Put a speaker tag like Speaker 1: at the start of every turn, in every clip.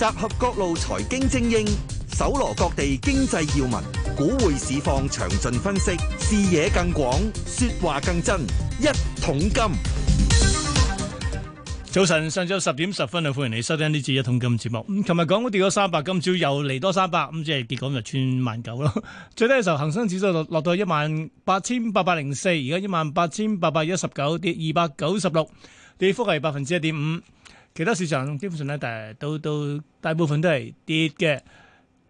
Speaker 1: 集合各路財經精英，搜羅各地經濟要聞，股匯市況詳盡分析，視野更廣，說話更真。一桶金，早晨，上晝十點十分啊！歡迎你收聽呢次一桶金節目。咁，琴日港股跌咗三百，今朝又嚟多三百，咁即係結果就穿萬九咯。最低嘅時候，恒生指數落落到一萬八千八百零四，而家一萬八千八百一十九，跌二百九十六，跌幅係百分之一點五。其他市場基本上咧，大都都大部分都係跌嘅。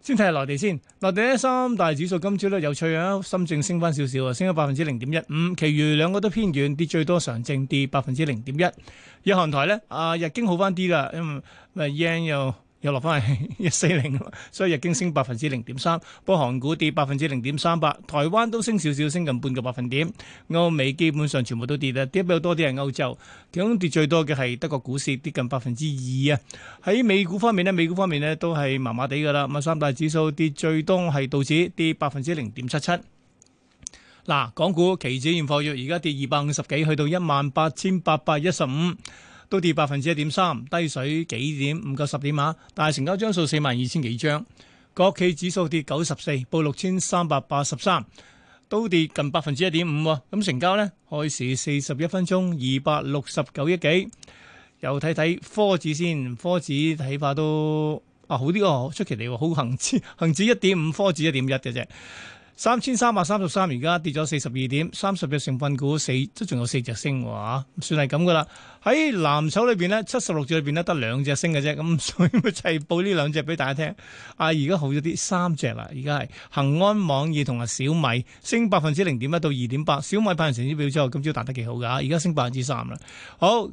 Speaker 1: 先睇下內地先，內地呢三大指數今朝咧有趨向，深圳升翻少少，升咗百分之零點一五，其餘兩個都偏軟，跌最多上證跌百分之零點一。日韓台咧，啊，日經好翻啲啦，因為日圓又又落翻去， 一四零，所以日經升百分之零點三，不過韓股跌百分之零點三八，台灣都升少少，升近半個百分點。歐美基本上全部都跌啦，跌比較多啲係歐洲，其中跌最多嘅係德國股市跌近百分之二啊。喺美股方面咧，美股方面咧都係麻麻地噶啦，咁三大指數跌最多係道指跌百分之零點七七。嗱、啊，港股期指現貨約而家跌二百五十幾，去到一萬八千八百一十五。都跌百分之一點三，低水幾點？唔夠十點啊！但係成交張數四萬二千幾張，國企指數跌九十四，報六千三百八十三，都跌近百分之一點五。咁、啊、成交呢，開市四十一分鐘二百六十九億幾。又睇睇科指先，科指睇法都啊好啲哦，出奇嚟喎，好恒指，恒指一點五，科指一點一嘅啫。三千三百三十三，而家跌咗四十二點，三十隻成分股四都仲有四隻升，哇！算係咁噶啦。喺藍籌裏邊呢，七十六隻裏邊咧得兩隻升嘅啫，咁所以咪齊報呢兩隻俾大家聽。啊，而家好咗啲，三隻啦，而家係恒安網易同埋小米升百分之零點一到二點八，小米派完成績表之後，今朝彈得幾好噶，而家升百分之三啦。好。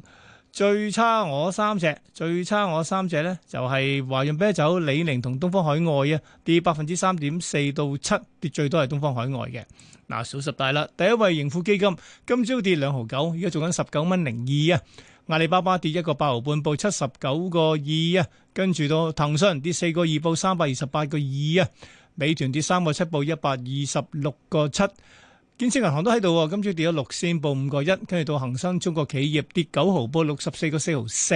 Speaker 1: 最差我三隻，最差我三隻呢，就係華潤啤酒、李寧同東方海外啊，跌百分之三點四到七，7, 跌最多係東方海外嘅。嗱、啊，數十大啦，第一位盈富基金，今朝跌兩毫九，而家做緊十九蚊零二啊。阿里巴巴跌一個八毫半，報七十九個二啊。跟住到騰訊跌四個二，報三百二十八個二啊。美團跌三個七，報一百二十六個七。建設銀行都喺度，今朝跌咗六仙，報五個一。跟住到恒生中國企業跌九毫，報六十四個四毫四。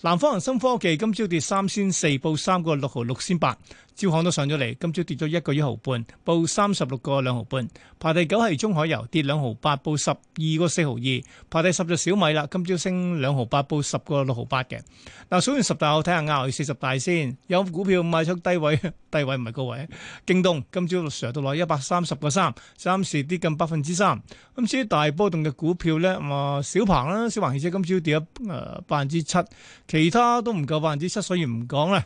Speaker 1: 南方恒生科技今朝跌三仙四，報三個六毫六仙八。招行都上咗嚟，今朝跌咗一個一毫半，報三十六個兩毫半。排第九係中海油，跌兩毫八，報十二個四毫二。排第十就小米啦，今朝升兩毫八，報十個六毫八嘅。嗱，數完十大我睇下亞去四十大先，有股票賣出低位，低位唔係高位。京東今朝上到來一百三十個三，暫時跌近百分之三。咁至於大波動嘅股票咧，咁啊小鵬啦，小鵬汽車今朝跌咗誒百分之七，其他都唔夠百分之七，所以唔講啦。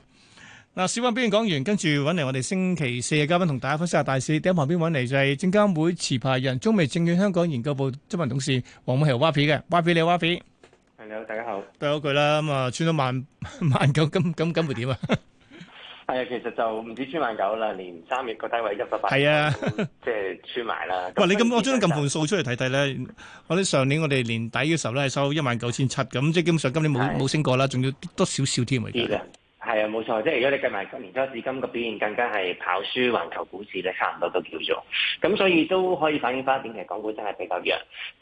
Speaker 1: 嗱，小溫篇講完，跟住揾嚟我哋星期四嘅嘉賓，同大家分享下大市。喺旁邊揾嚟就係證監會持牌人、中美證券香港研究部執行董事黃偉豪 Yapi 嘅。Yapi 你好，Yapi。朋友
Speaker 2: 大
Speaker 1: 家好。對好佢啦，咁啊，穿咗萬萬九，咁咁咁會點啊？
Speaker 2: 係啊，其實就唔止穿萬九啦，連三月個低位一百八，即係穿埋啦。哇，你咁我將咁盤
Speaker 1: 數出嚟睇睇咧，我哋上年我哋年底嘅時候咧係收一萬九千七咁，即係基本上今年冇冇升過啦，仲要多少少添啊。
Speaker 2: 誒冇錯，即係如果你計埋今年初至今嘅表現，更加係跑輸環球股市咧，差唔多都叫做咁，所以都可以反映翻一點，其實港股真係比較弱。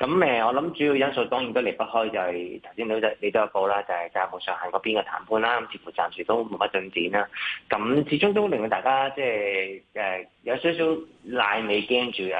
Speaker 2: 咁誒、呃，我諗主要因素當然都離不開就係頭先都你都有報啦，就係、是、債務上限嗰邊嘅談判啦，咁似乎暫時都冇乜進展啦。咁、嗯、始終都令到大家即係誒、呃、有少少賴尾驚住誒，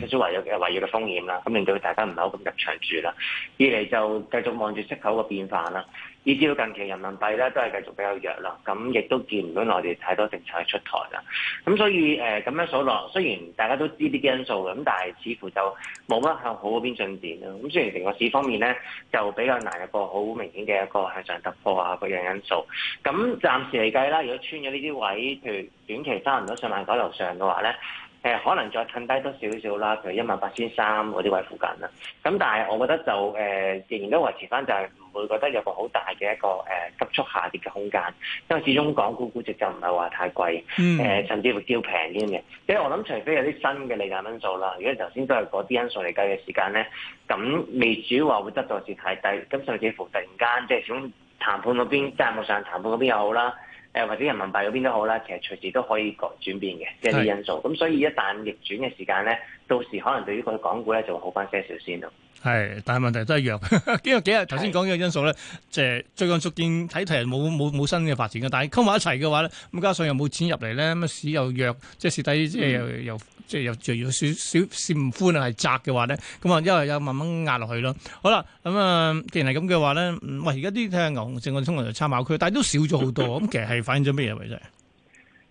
Speaker 2: 少少圍繞圍繞嘅風險啦。咁令到大家唔係好咁入場住啦。二嚟就繼續望住息口嘅變化啦。以至近期人民幣咧都係繼續比較弱啦，咁亦都見唔到內地太多政策嘅出台啦，咁所以誒咁、呃、樣數落，雖然大家都知呢啲因素咁，但係似乎就冇乜向好嗰邊進展咯。咁雖然成個市方面咧就比較難有個好明顯嘅一個向上突破啊，各樣因素。咁暫時嚟計啦，如果穿咗呢啲位，譬如短期翻唔到上萬九樓上嘅話咧。誒可能再褪低多少少啦，就一萬八千三嗰啲位附近啦。咁但係我覺得就誒、呃、仍然都維持翻，就係唔會覺得有個好大嘅一個誒、呃、急速下跌嘅空間，因為始終港股估值就唔係話太貴，誒、呃、甚至乎叫平啲嘅。嗯、即係我諗除非有啲新嘅利淡因素啦，如果頭先都係嗰啲因素嚟計嘅時間咧，咁未至於話會跌到至太低。咁甚至乎突然間即係始終談判嗰邊，債務上談判嗰邊又好啦。誒或者人民幣嗰邊都好啦，其實隨時都可以轉變嘅，即係啲因素，咁所以一旦逆轉嘅時間咧，到時可能對於個港股咧就會好翻些少先咯。
Speaker 1: 係，但係問題都係弱。經過幾日頭先講嘅因素咧，即係、哎、最近逐漸睇題冇冇冇新嘅發展嘅。但係溝埋一齊嘅話咧，咁加上又冇錢入嚟咧，咁啊市又弱，即係市底、呃、又即係又即係又仲要少少少唔寬啊，係窄嘅話咧，咁啊因為又慢慢壓落去咯。好啦，咁、嗯、啊，既然係咁嘅話咧，喂、嗯，而家啲睇下牛熊證我通常就參考區，但係都少咗好多。咁其實係反映咗咩嘢嚟啫？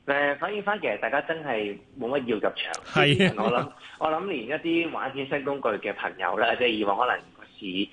Speaker 2: 誒，反映翻，其實大家真係冇乜要入場。係 我諗，我諗連一啲玩衍生工具嘅朋友咧，即係以往可能市誒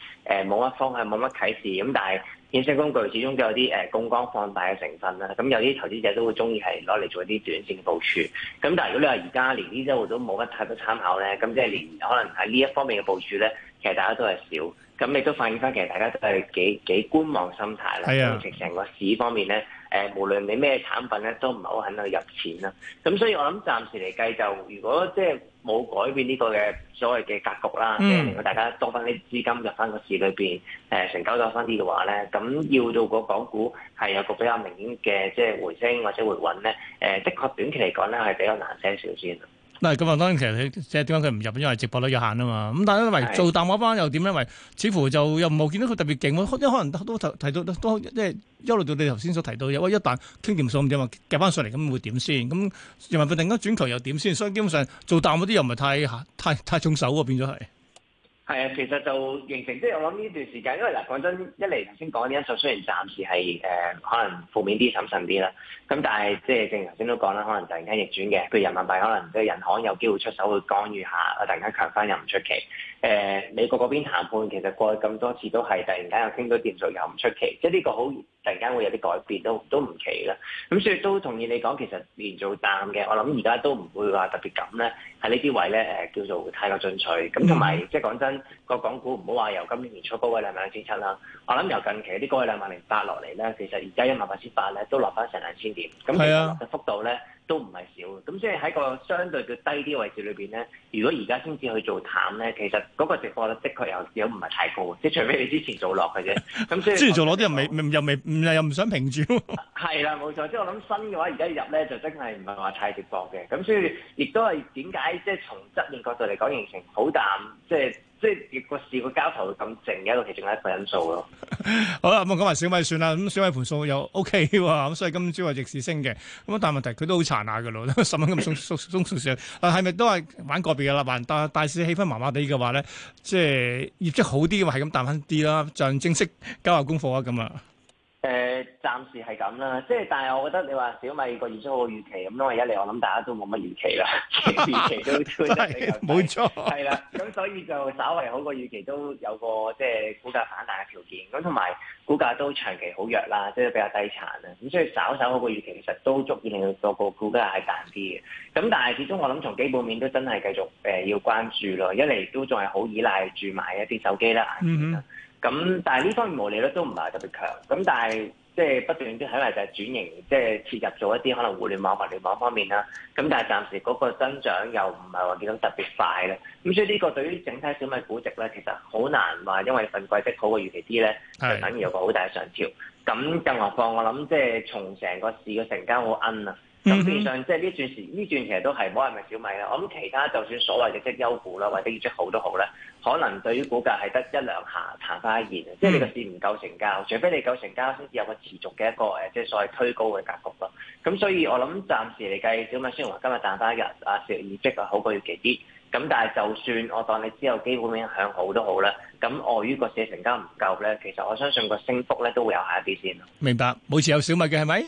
Speaker 2: 冇乜方向，冇乜啟示。咁但係衍生工具始終都有啲誒槓桿放大嘅成分啦。咁有啲投資者都會中意係攞嚟做一啲短線部署。咁但係如果你話而家連呢週都冇乜太多參考咧，咁即係連可能喺呢一方面嘅部署咧，其實大家都係少。咁你、嗯、都發現翻，其實大家都係幾幾觀望心態啦。成成、哎、呀個市方面咧，誒、呃，無論你咩產品咧，都唔係好肯去入錢啦。咁、啊、所以我諗暫時嚟計，就如果即係冇改變呢個嘅所謂嘅格局啦，令到、嗯、大家多翻啲資金入翻個市裏邊，誒、呃、成交多翻啲嘅話咧，咁要到個港股係有個比較明顯嘅即係回升或者回穩咧，誒、呃、的確短期嚟講咧係比較難聲少先。
Speaker 1: 嗱，咁啊，當然其實你即係點解佢唔入，因為直播率有限啊嘛。咁但係因為做淡嗰班又點咧？因為似乎就又冇見到佢特別勁咯。因為可能都提提到都即係一路到你頭先所提到嘅。喂，一旦傾掂數咁點啊，夾翻上嚟咁會點先？咁又話佢突然間轉球又點先？所以基本上做淡嗰啲又唔係太太太重手喎，變咗係。
Speaker 2: 係啊，其實就形成即係我諗呢段時間，因為嗱講真，一嚟頭先講呢因素雖然暫時係誒、呃、可能負面啲、審慎啲啦，咁但係即係正如頭先都講啦，可能突然間逆轉嘅，譬如人民幣可能即係人行有機會出手去干預下，啊突然間強翻又唔出奇。誒美國嗰邊談判，其實過去咁多次都係突然間又升咗，掂數又唔出奇，即係呢個好突然間會有啲改變都都唔奇啦。咁所以都同意你講，其實連做淡嘅，我諗而家都唔會話特別咁咧，喺呢啲位咧誒叫做太過進取，咁同埋即係講真，個港股唔好話由今年年初高位兩萬兩千七啦，我諗由近期啲高位兩萬零八落嚟咧，其實而家一萬八千八咧，都落翻成兩千點，咁其實幅度咧，都唔係少，咁所以喺個相對嘅低啲位置裏邊咧，如果而家先至去做淡咧，其實嗰個值博率的確有有唔係太高，即係除非你之前做落嘅啫。咁所以
Speaker 1: 之前做落啲 又未又未又唔想平住。
Speaker 2: 係 啦，冇錯，即係我諗新嘅話而家入咧就真係唔係話太值博嘅，咁所以亦都係點解即係從側面角度嚟講形成好淡即係。就是
Speaker 1: 即係個市個交投會咁靜嘅一個其中一個因素咯。 好啦，咁啊講埋小米算啦。咁小米盤數又 OK 喎，咁所以今朝話逆市升嘅。咁啊，但問題佢都好殘下嘅咯，十蚊咁鬆鬆鬆鬆上。但係咪都係玩個別嘅啦？但大市氣氛麻麻地嘅話咧，即係業績好啲嘅話，係咁彈翻啲啦。就正式交下功課啊，咁啊。
Speaker 2: 暫時係咁啦，即係但係我覺得你話小米個預測好過預期咁，因為一嚟我諗大家都冇乜預期啦， 預期都吹得比較，冇 是 錯，係啦。咁所以就稍為好過預期，都有個即係、就是、股價反彈嘅條件。咁同埋股價都長期好弱啦，即、就、係、是、比較低殘啊。咁所以稍稍好過預期，其實都足以令到個股價係彈啲嘅。咁但係始終我諗從基本面都真係繼續誒、呃、要關注咯。一嚟都仲係好依賴住賣一啲手機啦，咁、mm hmm. 嗯、但係呢方面毛利率都唔係特別強。咁但係即係不斷都喺嚟就係轉型，即係切入做一啲可能互聯網、物聯網方面啦。咁但係暫時嗰個增長又唔係話見到特別快咧。咁所以呢個對於整體小米估值咧，其實好難話，因為份季績好過預期啲咧，D，就等於有個好大嘅上調。咁更何況我諗，即係從成個市嘅成交好奀啊！咁、mm hmm. 變相即係呢段時呢段其實都係冇人咪小米啦，我諗其他就算所謂嘅績優股啦或者業績好都好咧，可能對於股價係得一兩下彈翻一現，mm hmm. 即係你個市唔夠成交，除非你夠成交先至有個持續嘅一個誒即係所謂推高嘅格局咯。咁所以我諗暫時嚟計，小米雖然話今日彈翻一日啊業績啊好過要幾啲，咁但係就算我當你之後基本面向好都好啦，咁礙於個市成交唔夠咧，其實我相信個升幅咧都會有下一啲先。
Speaker 1: 明白，每次有小米嘅係咪？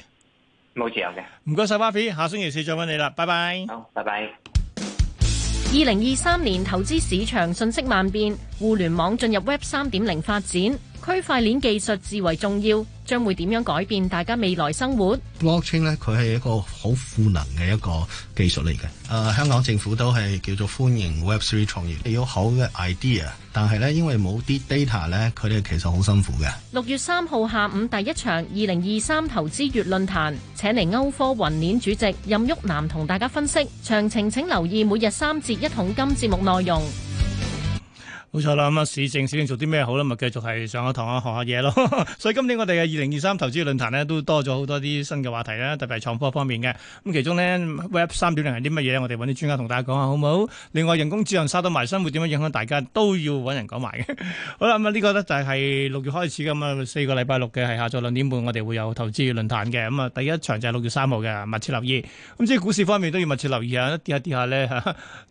Speaker 2: 冇自
Speaker 1: 由嘅，唔該晒，Vivi，下星期四再揾你啦，拜拜。好，oh，拜拜。
Speaker 2: 二零二三年投資市場瞬息萬變，互聯網進入 Web 三點零發展。區塊鏈技術至為重要，將會點樣改變大家未來生活
Speaker 1: ？Blockchain 咧，佢係一個好賦能嘅一個技術嚟嘅。誒、呃，香港政府都係叫做歡迎 Web3 創業，你有好嘅 idea，但係咧因為冇啲 data 咧，佢哋其實好辛苦嘅。
Speaker 2: 六月三號下午第一場二零二三投資月論壇，請嚟歐科雲鏈主席任旭南同大家分析。詳情請留意每日三節一桶金節目內容。
Speaker 1: 冇錯啦，咁啊市政市政做啲咩好咧？咪繼續係上下堂啊，學下嘢咯。 所以今年我哋嘅二零二三投資論壇咧，都多咗好多啲新嘅話題咧，特別係創科方面嘅。咁其中咧 Web 三點零係啲乜嘢？我哋揾啲專家同大家講下好唔好？另外人工智能殺到埋身，會點樣影響大家？都要揾人講埋嘅。 好啦，咁啊呢個咧就係六月開始嘅咁啊四個禮拜六嘅係下晝兩點半，我哋會有投資論壇嘅。咁、嗯、啊第一場就係六月三號嘅，密切留意。咁、嗯、即係股市方面都要密切留意啊！跌下跌下咧，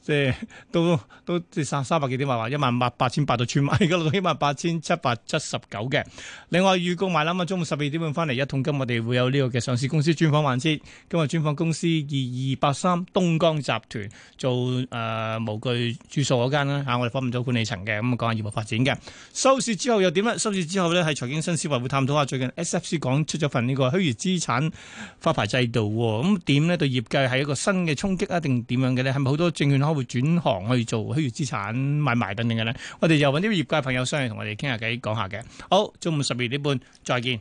Speaker 1: 即係都都，都即三三百幾點話話一萬八。八千八到穿買嘅，錄到起碼八千七百七十九嘅。另外預告埋啦嘛，中午十二點半翻嚟一桶金，我哋會有呢個嘅上市公司專訪環節。今日專訪公司二二八三東江集團做誒、呃、模具注塑嗰間啦吓，我哋訪問咗管理層嘅，咁講下業務發展嘅。收市之後又點呢？收市之後呢，係財經新思維會探討下最近 SFC 講出咗份呢個虛擬資產發牌制度。咁、嗯、點呢？對業界係一個新嘅衝擊啊？定點樣嘅呢？係咪好多證券行會轉行去做虛擬資產買賣等等嘅呢？我哋又搵啲業界朋友上嚟，同我哋傾下偈，講下嘅。好，中午十二點半再見。